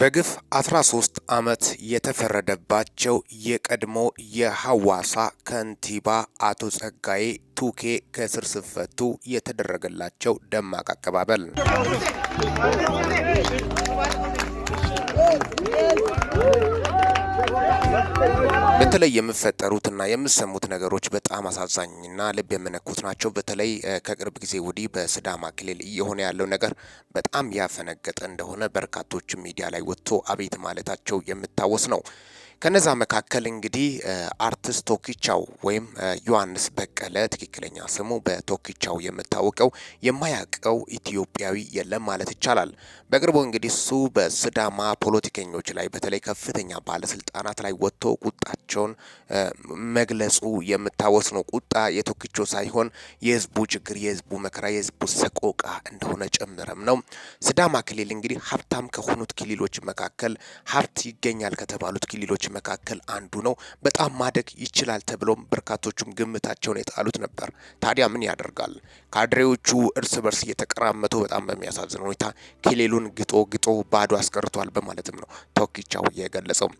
በግፍ 13 ዓመት የተፈረደባቸው የቀድሞ የሐዋሳ ከንቲባ አቶ ጸጋዬ ቱኬ ከእስር ሲፈቱ የተደረገላቸው ደማቅ አቀባበል በተለይ የምፈጠሩትና የምሰሙት ነገሮች በጣም አሳዛኝና ልብ የሚነኩት ናቸው። በተለይ ከቅርብ ጊዜ ወዲህ በሲዳማ ክልል እየሆነ ያለው ነገር በጣም ያፈነገጠ እንደሆነ በርካቶች ሚዲያ ላይ ወጥቶ አቤት ማለታቸው የሚታወስ ነው። ከነዛ መካከል እንግዲህ አርቲስት ቶኪቻው ወይም ዮሐንስ በቀለ ትክክለኛ ስሙ በቶኪቻው የምታወቀው የማያውቀው ኢትዮጵያዊ የለም ማለት ይቻላል። በቅርቡ እንግዲህ እሱ በስዳማ ፖለቲከኞች ላይ በተለይ ከፍተኛ ባለስልጣናት ላይ ወጥቶ ቁጣቸውን መግለጹ የምታወስ ነው። ቁጣ የቶኪቾ ሳይሆን የህዝቡ ችግር፣ የህዝቡ መከራ፣ የህዝቡ ሰቆቃ እንደሆነ ጨምረም ነው። ስዳማ ክልል እንግዲህ ሀብታም ከሆኑት ክልሎች መካከል ሀብት ይገኛል ከተባሉት ክልሎች መካከል አንዱ ነው። በጣም ማደግ ይችላል ተብሎም በርካቶቹም ግምታቸውን የጣሉት ነበር። ታዲያ ምን ያደርጋል ካድሬዎቹ እርስ በርስ እየተቀራመቱ በጣም በሚያሳዝን ሁኔታ ኬሌሉን ግጦ ግጦ ባዶ አስቀርቷል በማለትም ነው ቶኪቻው የገለጸው።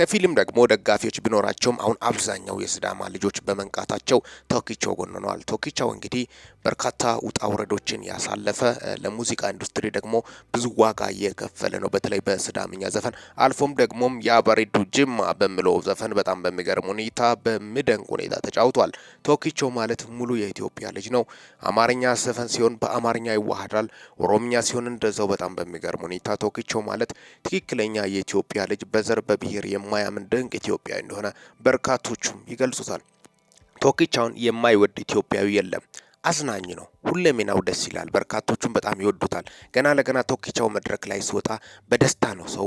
ከፊልም ደግሞ ደጋፊዎች ቢኖራቸውም አሁን አብዛኛው የስዳማ ልጆች በመንቃታቸው ቶኪቻው ጎን ሆነዋል። ቶኪቻው እንግዲህ በርካታ ውጣ ውረዶችን ያሳለፈ ለሙዚቃ ኢንዱስትሪ ደግሞ ብዙ ዋጋ እየከፈለ ነው። በተለይ በስዳምኛ ዘፈን አልፎም ደግሞም የአበሬዱ ጅማ በሚለው ዘፈን በጣም በሚገርም ሁኔታ በሚደንቅ ሁኔታ ተጫውቷል። ቶኪቻው ማለት ሙሉ የኢትዮጵያ ልጅ ነው። አማርኛ ዘፈን ሲሆን በአማርኛ ይዋሃዳል። ኦሮምኛ ሲሆን እንደዛው በጣም በሚገርም ሁኔታ ቶኪቻው ማለት ትክክለኛ የኢትዮጵያ ልጅ በዘር በብሔር የ የማያምን ድንቅ ኢትዮጵያዊ እንደሆነ በርካቶቹም ይገልጹታል። ቶኪቻውን የማይወድ ኢትዮጵያዊ የለም። አዝናኝ ነው። ሁለሜናው ደስ ይላል። በርካቶቹም በጣም ይወዱታል። ገና ለገና ቶኪቻው መድረክ ላይ ሲወጣ በደስታ ነው ሰው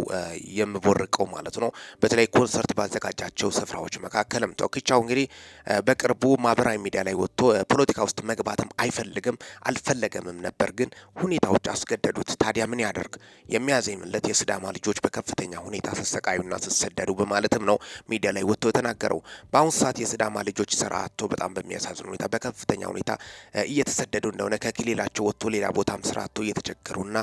የምቦርቀው ማለት ነው። በተለይ ኮንሰርት ባዘጋጃቸው ስፍራዎች መካከልም ቶኪቻው እንግዲህ በቅርቡ ማህበራዊ ሚዲያ ላይ ወጥቶ ፖለቲካ ውስጥ መግባትም አይፈልግም አልፈለገምም ነበር፣ ግን ሁኔታዎች አስገደዱት። ታዲያ ምን ያደርግ የሚያዜምለት የስዳማ ልጆች በከፍተኛ ሁኔታ ስሰቃዩና ስሰደዱ በማለትም ነው ሚዲያ ላይ ወጥቶ የተናገረው። በአሁኑ ሰዓት የስዳማ ልጆች ስራ አጥቶ በጣም በሚያሳዝን ሁኔታ በከፍተኛ ሁኔታ እየተሰደዱ እየተሰደዱ እንደሆነ ከክልላቸው ወጥቶ ሌላ ቦታም ስራ አጥቶ እየተቸገሩና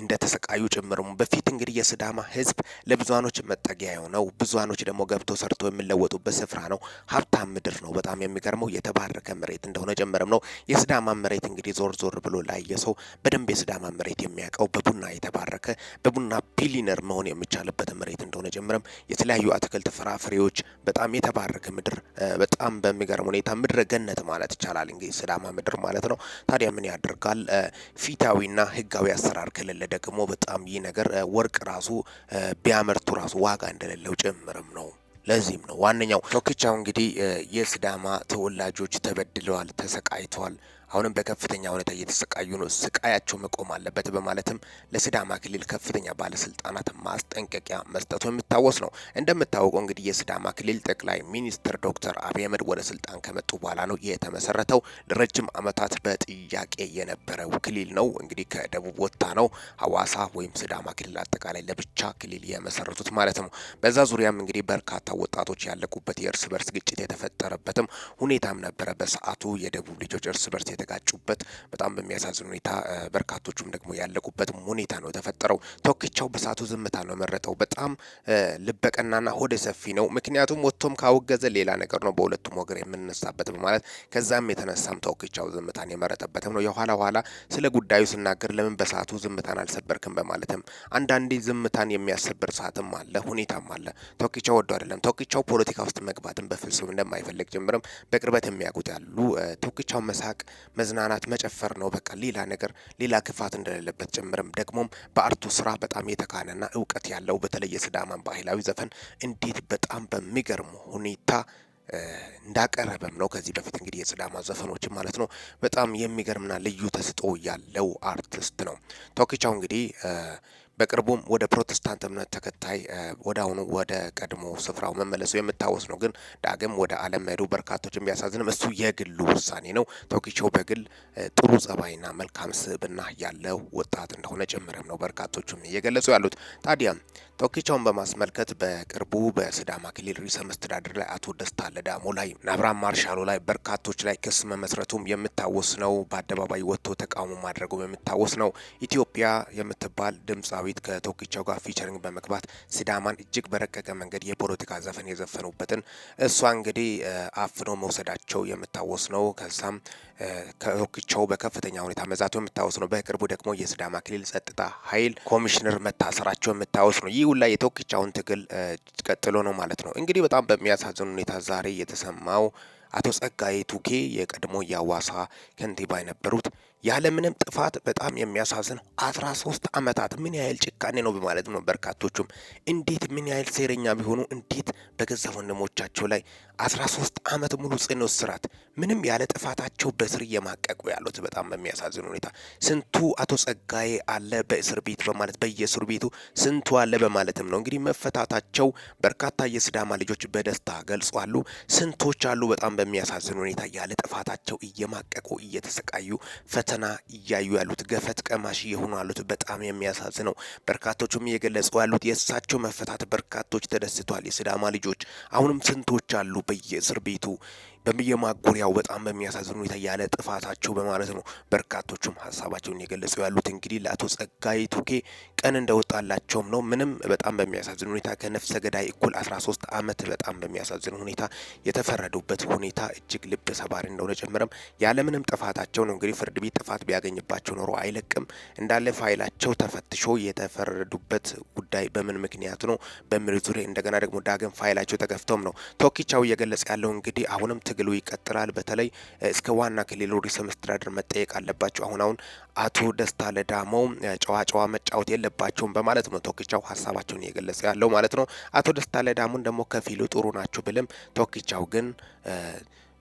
እንደተሰቃዩ ጭምርም በፊት እንግዲህ የስዳማ ህዝብ ለብዙሃኖች መጠጊያ የሆነው ብዙሃኖች ደግሞ ገብቶ ሰርቶ የሚለወጡበት ስፍራ ነው። ሀብታም ምድር ነው። በጣም የሚገርመው የተባረከ መሬት እንደሆነ ጭምርም ነው። የስዳማ መሬት እንግዲህ ዞር ዞር ብሎ ላየ ሰው በደንብ የስዳማ መሬት የሚያውቀው በቡና የተባረከ በቡና ቢሊነር መሆን የሚቻልበት መሬት እንደሆነ ጭምርም የተለያዩ አትክልት፣ ፍራፍሬዎች በጣም የተባረከ ምድር በጣም በሚገርም ሁኔታ ምድረ ገነት ማለት ይቻላል እንግዲህ ስዳማ ምድር ማለት ነው። ታዲያ ምን ያደርጋል ፊታዊና ህጋዊ አሰራር ከሌለ ደግሞ በጣም ይህ ነገር ወርቅ ራሱ ቢያመርቱ ራሱ ዋጋ እንደሌለው ጭምርም ነው። ለዚህም ነው ዋነኛው ቶክቻው እንግዲህ የስዳማ ተወላጆች ተበድለዋል፣ ተሰቃይተዋል አሁንም በከፍተኛ ሁኔታ እየተሰቃዩ ነው፣ ስቃያቸው መቆም አለበት በማለትም ለስዳማ ክልል ከፍተኛ ባለስልጣናት ማስጠንቀቂያ መስጠቱ የሚታወስ ነው። እንደምታወቀው እንግዲህ የስዳማ ክልል ጠቅላይ ሚኒስትር ዶክተር አብይ አህመድ ወደ ስልጣን ከመጡ በኋላ ነው የተመሰረተው። ለረጅም ዓመታት በጥያቄ የነበረው ክልል ነው እንግዲህ ከደቡብ ወጥታ ነው ሀዋሳ ወይም ስዳማ ክልል አጠቃላይ ለብቻ ክልል የመሰረቱት ማለት ነው። በዛ ዙሪያም እንግዲህ በርካታ ወጣቶች ያለቁበት የእርስ በርስ ግጭት የተፈጠረበትም ሁኔታም ነበረ። በሰዓቱ የደቡብ ልጆች እርስ በርስ የተጋጩበት በጣም በሚያሳዝን ሁኔታ በርካቶቹም ደግሞ ያለቁበት ሁኔታ ነው የተፈጠረው። ቶክቻው በሳቱ ዝምታ ነው መረጠው። በጣም ልበቀናና ሆደ ሰፊ ነው። ምክንያቱም ወጥቶም ካወገዘ ሌላ ነገር ነው በሁለቱም ወገር የምንነሳበት በማለት ከዛም የተነሳም ቶክቻው ዝምታን የመረጠበትም ነው። የኋላ ኋላ ስለ ጉዳዩ ስናገር ለምን በሳቱ ዝምታን አልሰበርክም በማለትም አንዳንዴ ዝምታን የሚያሰብር ሰዓትም አለ ሁኔታም አለ። ቶክቻው ወዶ አይደለም። ቶክቻው ፖለቲካ ውስጥ መግባትን በፍጹም እንደማይፈልግ ጭምርም በቅርበት የሚያውቁት ያሉ ቶክቻው መሳቅ መዝናናት፣ መጨፈር ነው በቃ ሌላ ነገር ሌላ ክፋት እንደሌለበት ጭምርም ደግሞም በአርቱ ስራ በጣም የተካነና እውቀት ያለው በተለይ የሲዳማን ባህላዊ ዘፈን እንዴት በጣም በሚገርም ሁኔታ እንዳቀረበም ነው። ከዚህ በፊት እንግዲህ የጽዳማ ዘፈኖች ማለት ነው በጣም የሚገርምና ልዩ ተስጦ ያለው አርቲስት ነው። ቶኪቻው እንግዲህ በቅርቡም ወደ ፕሮቴስታንት እምነት ተከታይ ወደ አሁኑ ወደ ቀድሞ ስፍራው መመለሱ የሚታወስ ነው። ግን ዳግም ወደ ዓለም መሄዱ በርካቶችን ቢያሳዝንም እሱ የግሉ ውሳኔ ነው። ቶኪቾ በግል ጥሩ ጸባይና መልካም ስብዕና ያለው ወጣት እንደሆነ ጭምርም ነው በርካቶቹም እየገለጹ ያሉት። ታዲያ ቶኪቻውን በማስመልከት በቅርቡ በስዳማ ክልል ርዕሰ መስተዳድር ላይ አቶ ደስታ ለዳሞ ላይ ናብራም ማርሻሉ ላይ በርካቶች ላይ ክስ መመስረቱም የምታወስ ነው። በአደባባይ ወጥቶ ተቃውሞ ማድረጉም የምታወስ ነው። ኢትዮጵያ የምትባል ድምፃዊት ከቶኪቻው ጋር ፊቸሪንግ በመግባት ሲዳማን እጅግ በረቀቀ መንገድ የፖለቲካ ዘፈን የዘፈኑበትን እሷ እንግዲህ አፍኖ መውሰዳቸው የምታወስ ነው። ከዛም ከቶኪቻው በከፍተኛ ሁኔታ መዛቱ የምታወስ ነው። በቅርቡ ደግሞ የስዳማ ክልል ጸጥታ ኃይል ኮሚሽነር መታሰራቸው የምታወስ ነው። ላይ የቶክቻውን ትግል ቀጥሎ ነው ማለት ነው። እንግዲህ በጣም በሚያሳዝን ሁኔታ ዛሬ የተሰማው አቶ ጸጋዬ ቱኬ የቀድሞ የአዋሳ ከንቲባ የነበሩት ያለምንም ጥፋት በጣም የሚያሳዝን አስራ ሶስት ዓመታት ምን ያህል ጭካኔ ነው በማለት ነው በርካቶቹም እንዴት ምን ያህል ሴረኛ ቢሆኑ እንዴት በገዛ ወንድሞቻቸው ላይ አስራ ሶስት ዓመት ሙሉ ጽኑ እስራት ምንም ያለ ጥፋታቸው በእስር እየማቀቁ ያሉት በጣም በሚያሳዝን ሁኔታ ስንቱ አቶ ጸጋዬ አለ በእስር ቤት በማለት በየእስር ቤቱ ስንቱ አለ በማለትም ነው እንግዲህ መፈታታቸው በርካታ የስዳማ ልጆች በደስታ ገልጿሉ። ስንቶች አሉ በጣም በሚያሳዝን ሁኔታ ያለ ጥፋታቸው እየማቀቁ እየተሰቃዩ ፈተና እያዩ ያሉት ገፈት ቀማሽ እየሆኑ ያሉት በጣም ነው። በርካቶቹም እየገለጹ ያሉት የእሳቸው መፈታት በርካቶች ተደስቷል የስዳማ ልጆች አሁንም ስንቶች አሉ በየእስር ቤቱ በየማጎሪያው በጣም በሚያሳዝን ሁኔታ ያለ ጥፋታቸው በማለት ነው በርካቶቹም ሀሳባቸውን የገለጹ ያሉት። እንግዲህ ለአቶ ጸጋይ ቱኬ ቀን እንደወጣላቸውም ነው። ምንም በጣም በሚያሳዝን ሁኔታ ከነፍሰ ገዳይ እኩል 13 ዓመት በጣም በሚያሳዝን ሁኔታ የተፈረዱበት ሁኔታ እጅግ ልብ ሰባሪ እንደሆነ ጨምረም ያለምንም ጥፋታቸው ነው። እንግዲህ ፍርድ ቤት ጥፋት ቢያገኝባቸው ኖሮ አይለቅም። እንዳለ ፋይላቸው ተፈትሾ የተፈረዱበት ጉዳይ በምን ምክንያት ነው በሚል ዙሪያ እንደገና ደግሞ ዳግም ፋይላቸው ተከፍተውም ነው ቶኪቻው እየገለጸ ያለው እንግዲህ አሁንም ትግሉ ይቀጥላል። በተለይ እስከ ዋና ክልሉ ርዕሰ መስተዳድር መጠየቅ አለባቸው። አሁን አሁን አቶ ደስታ ለዳሞ ጨዋ ጨዋ መጫወት የለባቸውም በማለት ነው ቶኪቻው ሀሳባቸውን እየገለጸ ያለው ማለት ነው። አቶ ደስታ ለዳሞን ደግሞ ከፊሉ ጥሩ ናቸው ብልም ቶክቻው ግን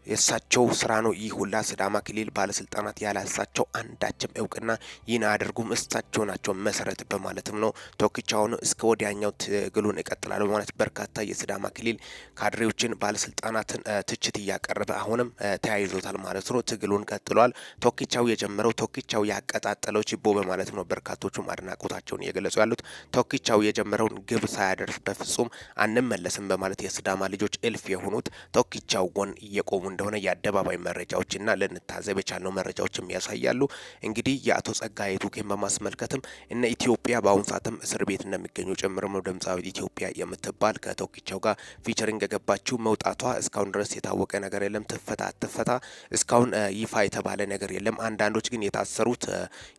የእሳቸው ስራ ነው ይህ ሁላ። ስዳማ ክልል ባለስልጣናት ያላሳቸው አንዳችም እውቅና ይህን አያደርጉም፣ እሳቸው ናቸው መሰረት በማለትም ነው ቶክቻውን እስከ ወዲያኛው ትግሉን እቀጥላለሁ በማለት በርካታ የስዳማ ክልል ካድሬዎችን ባለስልጣናትን ትችት እያቀረበ አሁንም ተያይዞታል ማለት ነው። ትግሉን ቀጥሏል። ቶክቻው የጀመረው ቶክቻው ያቀጣጠለው ችቦ በማለት ነው በርካቶቹም አድናቆታቸውን እየገለጹ ያሉት። ቶክቻው የጀመረውን ግብ ሳያደርስ በፍጹም አንመለስም በማለት የስዳማ ልጆች እልፍ የሆኑት ቶክቻው ጎን እየቆሙ እንደሆነ የአደባባይ መረጃዎችና ልንታዘብ የቻልነው መረጃዎችም ያሳያሉ። እንግዲህ የአቶ ጸጋዬ ቱኬን በማስመልከትም እነ ኢትዮጵያ በአሁኑ ሰዓትም እስር ቤት እንደሚገኙ ጭምር ነው። ድምፃዊት ኢትዮጵያ የምትባል ከተወኪቸው ጋር ፊቸሪንግ የገባችው መውጣቷ እስካሁን ድረስ የታወቀ ነገር የለም። ትፈታ አትፈታ እስካሁን ይፋ የተባለ ነገር የለም። አንዳንዶች ግን የታሰሩት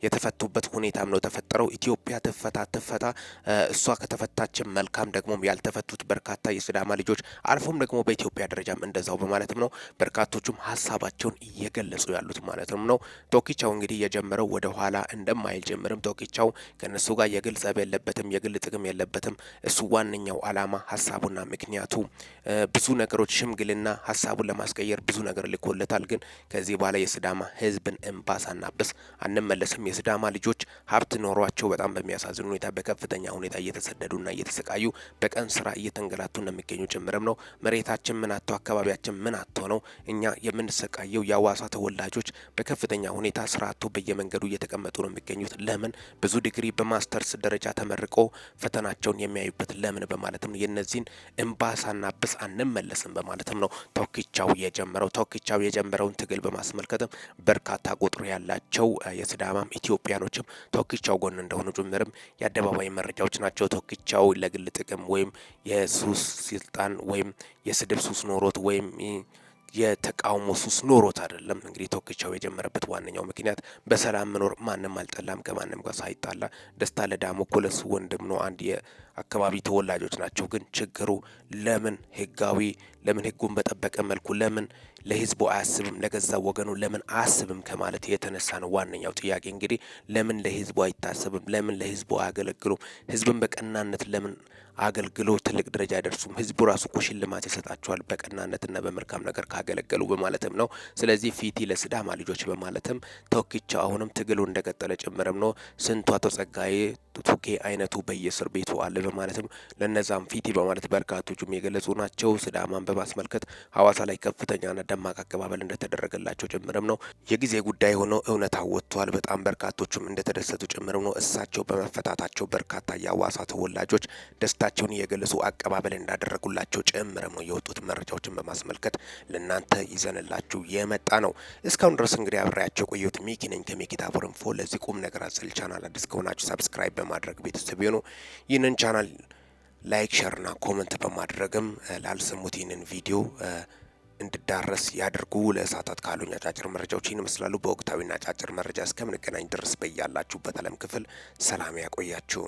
የተፈቱበት ሁኔታም ነው ተፈጠረው። ኢትዮጵያ ትፈታ ትፈታ እሷ ከተፈታችን መልካም፣ ደግሞ ያልተፈቱት በርካታ የስዳማ ልጆች አልፎም ደግሞ በኢትዮጵያ ደረጃም እንደዛው በማለትም ነው በርካቶቹም ሀሳባቸውን እየገለጹ ያሉት ማለትም ነው። ቶኪቻው እንግዲህ የጀመረው ወደ ኋላ እንደማይል ጭምርም ቶኪቻው ከእነሱ ጋር የግል ጸብ የለበትም፣ የግል ጥቅም የለበትም። እሱ ዋነኛው አላማ ሀሳቡና ምክንያቱ ብዙ ነገሮች ሽምግልና ሀሳቡን ለማስቀየር ብዙ ነገር ልኮለታል። ግን ከዚህ በኋላ የስዳማ ህዝብን እንባ ሳናብስ አንመለስም። የስዳማ ልጆች ሀብት ኖሯቸው በጣም በሚያሳዝን ሁኔታ በከፍተኛ ሁኔታ እየተሰደዱና እየተሰቃዩ በቀን ስራ እየተንገላቱ እንደሚገኙ ጭምርም ነው። መሬታችን ምን አቶ አካባቢያችን ምን አቶ ነው እኛ የምንሰቃየው የአዋሳ ተወላጆች በከፍተኛ ሁኔታ ስራ አጥቶ በየመንገዱ እየተቀመጡ ነው የሚገኙት። ለምን ብዙ ዲግሪ በማስተርስ ደረጃ ተመርቆ ፈተናቸውን የሚያዩበት ለምን በማለትም ነው የነዚህን እምባሳና ብስ አንመለስም በማለትም ነው ቶኪቻው የጀመረው። ቶኪቻው የጀመረውን ትግል በማስመልከትም በርካታ ቁጥር ያላቸው የስዳማም ኢትዮጵያኖችም ቶክቻው ጎን እንደሆኑ ጭምርም የአደባባይ መረጃዎች ናቸው። ቶክቻው ለግል ጥቅም ወይም የሱስ ስልጣን ወይም የስድብ ሱስ ኖሮት ወይም የተቃውሞ ሱስ ኖሮት አይደለም። እንግዲህ ቶክቻው የጀመረበት ዋነኛው ምክንያት በሰላም መኖር ማንም አልጠላም፣ ከማንም ጋር ሳይጣላ ደስታ ለዳሞ ኮለሱ ወንድም ነው። አንድ የአካባቢ ተወላጆች ናቸው። ግን ችግሩ ለምን ህጋዊ ለምን ህጉን በጠበቀ መልኩ ለምን ለህዝቡ አያስብም፣ ለገዛ ወገኑ ለምን አያስብም ከማለት የተነሳ ነው። ዋነኛው ጥያቄ እንግዲህ ለምን ለህዝቡ አይታሰብም? ለምን ለህዝቡ አያገለግሉም? ህዝብን በቀናነት ለምን አገልግሎ ትልቅ ደረጃ አይደርሱም? ህዝቡ ራሱ እኮ ሽልማት ይሰጣቸዋል በቀናነትና በመልካም ነገር ካገለገሉ በማለትም ነው። ስለዚህ ፊቲ ለስዳማ ልጆች በማለትም ተወክቻው አሁንም ትግሉ እንደቀጠለ ጭምርም ነው። ስንቱ አቶ ጸጋዬ ቱኬ አይነቱ በየእስር ቤቱ አለ በማለትም ለነዛም ፊቲ በማለት በርካቶቹም የገለጹ ናቸው። ስዳማን በማስመልከት ሀዋሳ ላይ ከፍተኛ ነዳ ደማቅ አቀባበል እንደተደረገላቸው ጭምርም ነው። የጊዜ ጉዳይ ሆኖ እውነታው ወጥቷል። በጣም በርካቶቹም እንደተደሰቱ ጭምርም ነው። እሳቸው በመፈታታቸው በርካታ የአዋሳ ተወላጆች ደስታቸውን እየገለጹ አቀባበል እንዳደረጉላቸው ጭምርም ነው የወጡት መረጃዎችን በማስመልከት ለእናንተ ይዘንላችሁ የመጣ ነው። እስካሁን ድረስ እንግዲህ አብሬያቸው ቆየሁት ሚኪ ነኝ ከሚኪ ታቦር ኢንፎ። ለዚህ ቁም ነገር አዘል ቻናል አዲስ ከሆናችሁ ሰብስክራይብ በማድረግ ቤተሰብ ይሁኑ። ይህንን ቻናል ላይክ ሸርና ኮመንት በማድረግም ላልሰሙት ይህንን ቪዲዮ እንድዳረስ ያድርጉ። ለእሳታት ካሉኝ አጫጭር መረጃዎች ይህን ይመስላሉ። በወቅታዊና አጫጭር መረጃ እስከምንገናኝ ድረስ በያላችሁበት ዓለም ክፍል ሰላም ያቆያችሁ።